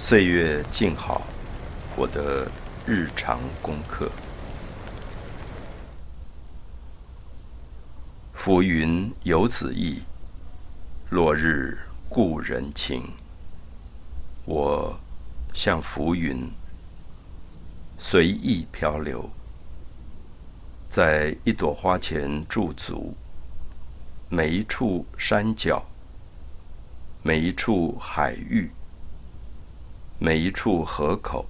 歲月靜好，我的日常功課。浮雲游子意，落日故人情。我像浮雲，隨意漂流，在一朵花前駐足，每一處山腳，每一處海域。每一處河口，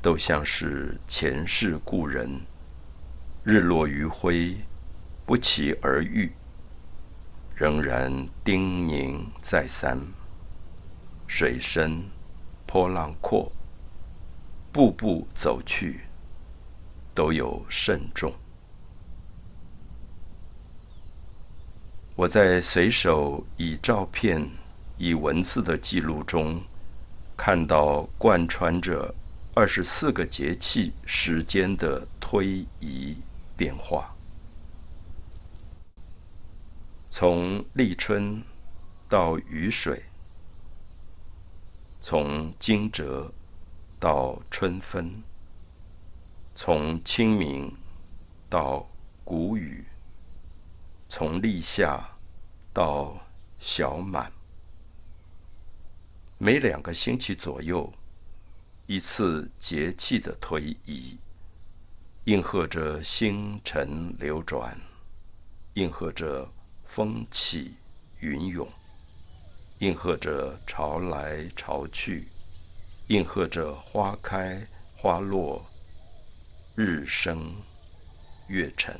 都像是前世故人。日落餘暉，不期而遇，仍然叮嚀再三。水深，波浪闊，步步走去，都有慎重。我在隨手以照片、以文字的記錄中。看到貫穿着二十四個節氣時間的推移變化，從立春到雨水，從驚蟄到春分，從清明到穀雨，從立夏到小滿。每兩個星期左右，一次節氣的推移，應和着星辰流轉，應和着風起雲湧，應和着潮來潮去，應和着花開花落，日升月沉。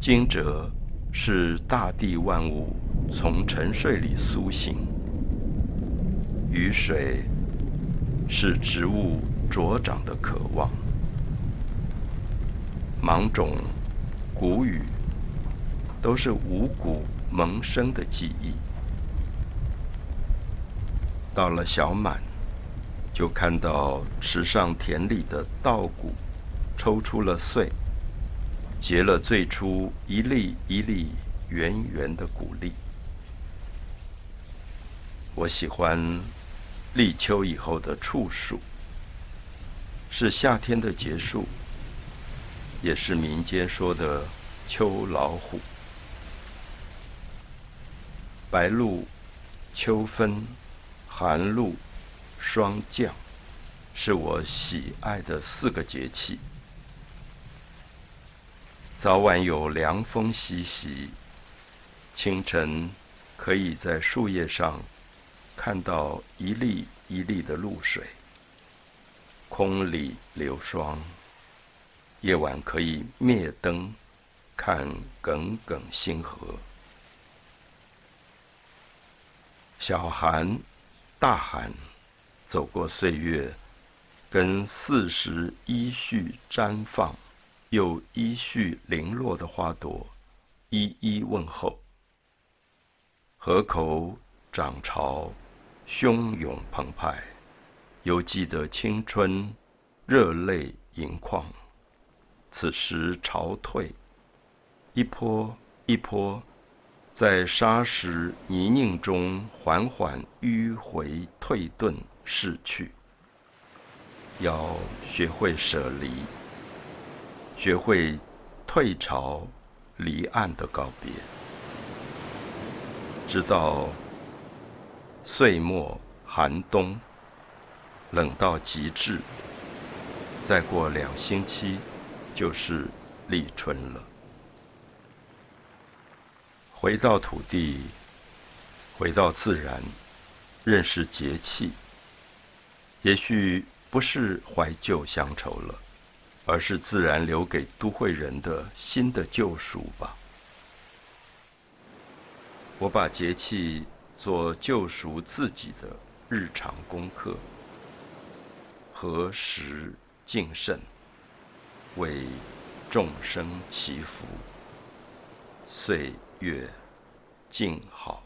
驚蟄是大地萬物從沉睡裡蘇醒。雨水是植物茁長的渴望。芒種、穀雨都是五穀萌生的記憶。到了小滿，就看到池上田裡的稻穀抽出了穗，結了最初一粒一粒圓圓的穀粒。我喜歡。立秋以後的處暑，是夏天的結束，也是民間說的“秋老虎”。白露、秋分、寒露、霜降，是我喜愛的四個節氣。早晚有涼風習習，清晨可以在樹葉上。看到一粒一粒的露水，空裡流霜。夜晚可以滅燈，看耿耿星河。小寒、大寒，走過歲月，跟四時依序綻放，又依序零落的花朵，一一問候。河口漲潮，洶湧澎湃，猶記得青春，熱淚盈眶。此時潮退，一波一波，在沙石泥濘中緩緩迂迴退遁，逝去。要學會捨離，學會退潮離岸的告別，直到。歲末寒冬，冷到極致。再過兩星期，就是立春了。回到土地，回到自然，認識節氣。也許不是懷舊鄉愁了，而是自然留給都會人的新的救贖吧。我把節氣。做救贖自己的日常功課，合十敬慎，為眾生祈福，歲月靜好。